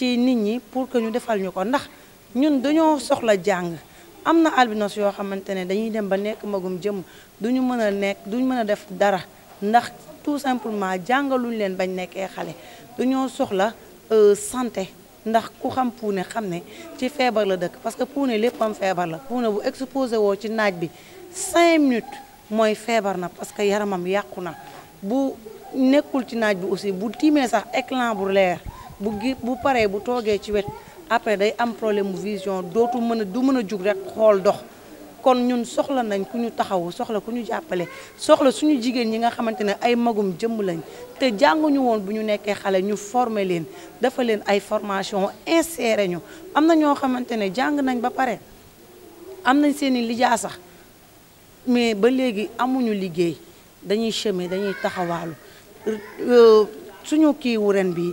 ci nit ñi pour que ñu defal ñu ko ndax ñun dañoo soxla jàng am na albinos yoo xamante ne dañuy dem ba nekk magum jëm ñu mën a nekk duñu mën a def dara ndax tout simplement jàngaluñ leen bañ nekkee xale dañoo soxla euh, santé ndax ku xam puune xam ne ci feebar la dëkk parce que puune léppam feebar la puune bu exposé woo ci naaj bi cinq minutes mooy feebar na parce que yaramam yàqu na bu nekkul ci naaj bi aussi bu tiimee sax écran bu leer bu gi bu paree bu toogee ci wet après day am problème mu vision dootu mën a du mën a jug rek xool dox kon ñun soxla nañ ku ñu taxawu soxla ku ñu jàppale soxla suñu jigéen ñi nga xamante ne ay magum jëmm lañ te jànguñu woon bu ñu nekkee xale ñu former leen dafa leen ay formation insérer ñu am na ñoo xamante ne jàng nañ ba pare am nañ seen i lijaa sax mais ba léegi amuñu liggéey dañuy chômer dañuy taxawaalu euh, suñu kiiwu ren bii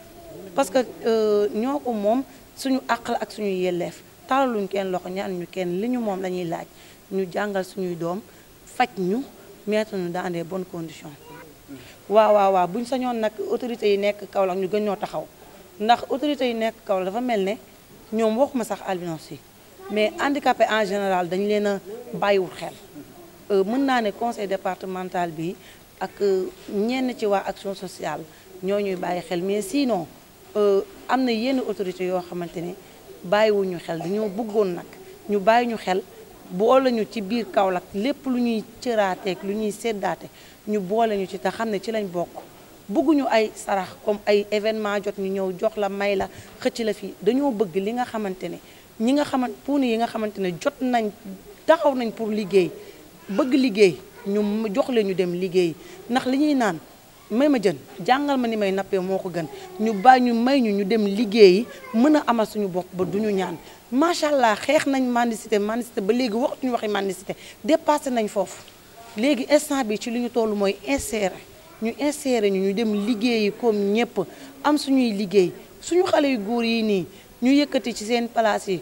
parce que euh, ñoo ko moom suñu àq ak suñuy yelleef talaluñ kenn loxo ñaan ñu kenn li ñu moom la laaj ñu jàngal suñuy doom faj ñu mettre ñu dans des bonnes conditions. waaw waaw waaw buñ sañoon nag autorités yi nekk Kaolack ñu gën ñoo taxaw ndax autorités yi nekk Kaolack dafa mel ne ñoom waxuma sax albinos yi mais handicapé en général dañ leen a bàyyiwul xel. Euh, mën naa ne conseil départemental bi ak euh, ñenn ci waa action sociale ñoo ñuy bàyyi xel mais sinon. Euh, am na yenn autorité yoo xamante ne bàyyiwuñu xel dañoo bëggoon nag ñu bàyyi ñu xel boole ci biir Kaolack lépp lu ñuy cëraateeg lu ñuy seddaate ñu booleñu ci te xam ne ci lañ bokk bëgguñu ay sarax comme ay événement jot ñu ñëw jox la may la xëcc la fii dañoo bëgg li nga xamante ne ñi nga xamant puuni yi nga xamante ne jot nañ taxaw nañ pour liggéey bëgg liggéey ñu jox leen ñu dem liggéey ndax li ñuy naan may ma jën jàngal ma ni may nappee moo ko gën ñu bàyyi ñu may ñu ñu dem liggéeyi mën a amal suñu bokk ba du ñu ñaan macha allah xeex nañ mendicité mendicité ba léegi ñu waxi mendicité dépassé nañ foofu léegi instant bi ci lu ñu toll mooy insérer ñu insérer ñu ñu dem liggéeyi comme ñëpp am suñuy liggéey suñu xale yu góor yi nii ñu yëkkati ci seen place yi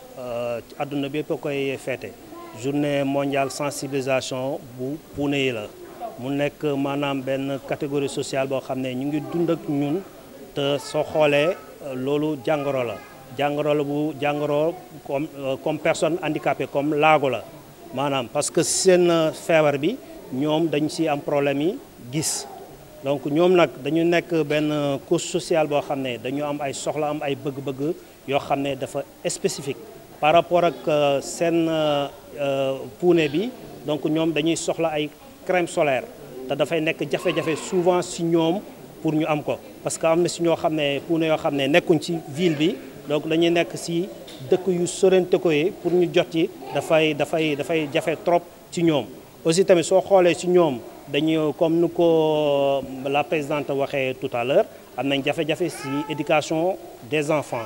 àdduna euh, bépp a koy journée mondiale sensibilisation bu puune la mu nek manam ben catégorie sociale bo xamné ñu ngi dund ak ñun te so xolé euh, lolu jangoro la jangoro la bu jangoro comme euh, comme personne handicapée comme lago la manam parce que sen feebar bi ñom dañ ci am problème yi gis donc ñom nak dañu nek ben cause sociale bo xamné dañu am ay soxla am ay bëgg-bëgg yo xamné dafa spécifique par rapport à la scène bi donc nous avons soxla crème solaire souvent si pour nous parce que ville donc dañuy nous si pour nous trop aussi nous avons fait des comme euh, la présidente tout à l'heure Nous éducation des enfants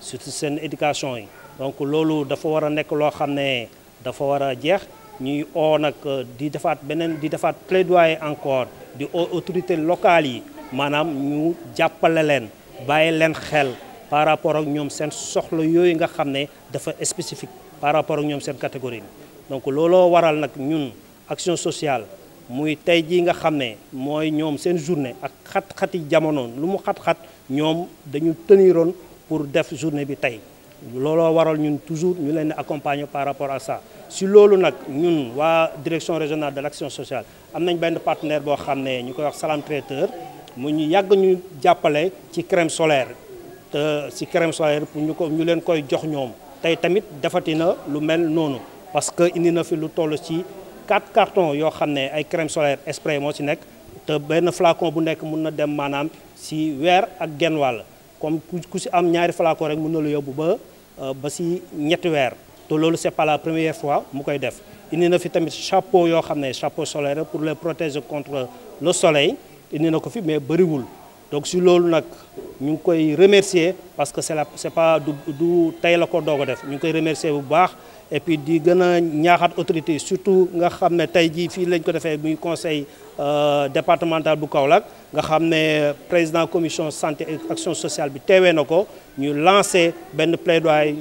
surtout une éducation donc loolu dafa war a nekk loo xam ne dafa war a jeex ñuy oo nag euh, di defaat beneen di defaat plaidoyer encore di oo autorités locales yi maanaam ñu jàppale leen bàyyi leen xel par rapport ak ñoom seen soxla yooyu nga xam ne dafa spécifique par rapport ak ñoom seen catégorie donc looloo waral nag ñun action sociale muy tey jii nga xam ne mooy ñoom seen journée ak xat-xati jamonoon lu mu xat-xat ñoom dañu tëniroon pour def journée bi tey Nous avons toujours accompagné par rapport à ça si nous nak ñun direction régionale de l'action sociale nous avons partenaire qui ñu Salam Traiteur crème solaire te crème solaire pour nous ko ñu koy jox parce que indi na fi lu quatre cartons yoo xam crème solaire spray et flacon bu nek mun dem si comme ku si am ñaari flacon rek mën na la yobbu ba euh, ba si ñetti weer to lolu c'est pas la première fois mu koy def indi na fi tamit chapeau yo xamné chapeau solaire pour les protéger contre le soleil indi na ko fi mais wul donc sur loolu nous ñu koy remercier parce que c'est la pas du du le la ko Nous a def ñu koy remercier bu et puis di que a autorité surtout nga avons ne tey jii fii lañ ko conseil euh, départemental du Kaolack nga président de président commission santé et action sociale bi nous na ñu lancé un plaidoyer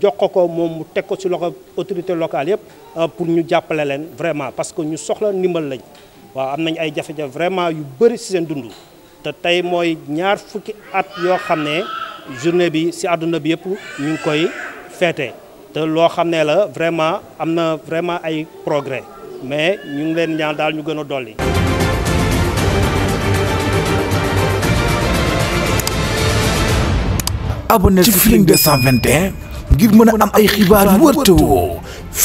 jox ko ko sur mu locale euh, pour nous jàppale vraiment parce que nous soxla ndimbal lañ Wa am nañ ay jafe-jafe vraiment yu bëri ci te tey mooy ñaar fukki at yoo xam ne journée bi si àdduna bi yëpp ñu ngi koy feete te loo xam ne la vraiment am na vraiment ay progrès mais ñu ngi leen ñaan daal ñu gën a dolli. abonné ci Feeling 221 ngir mën am ay xibaar yu wër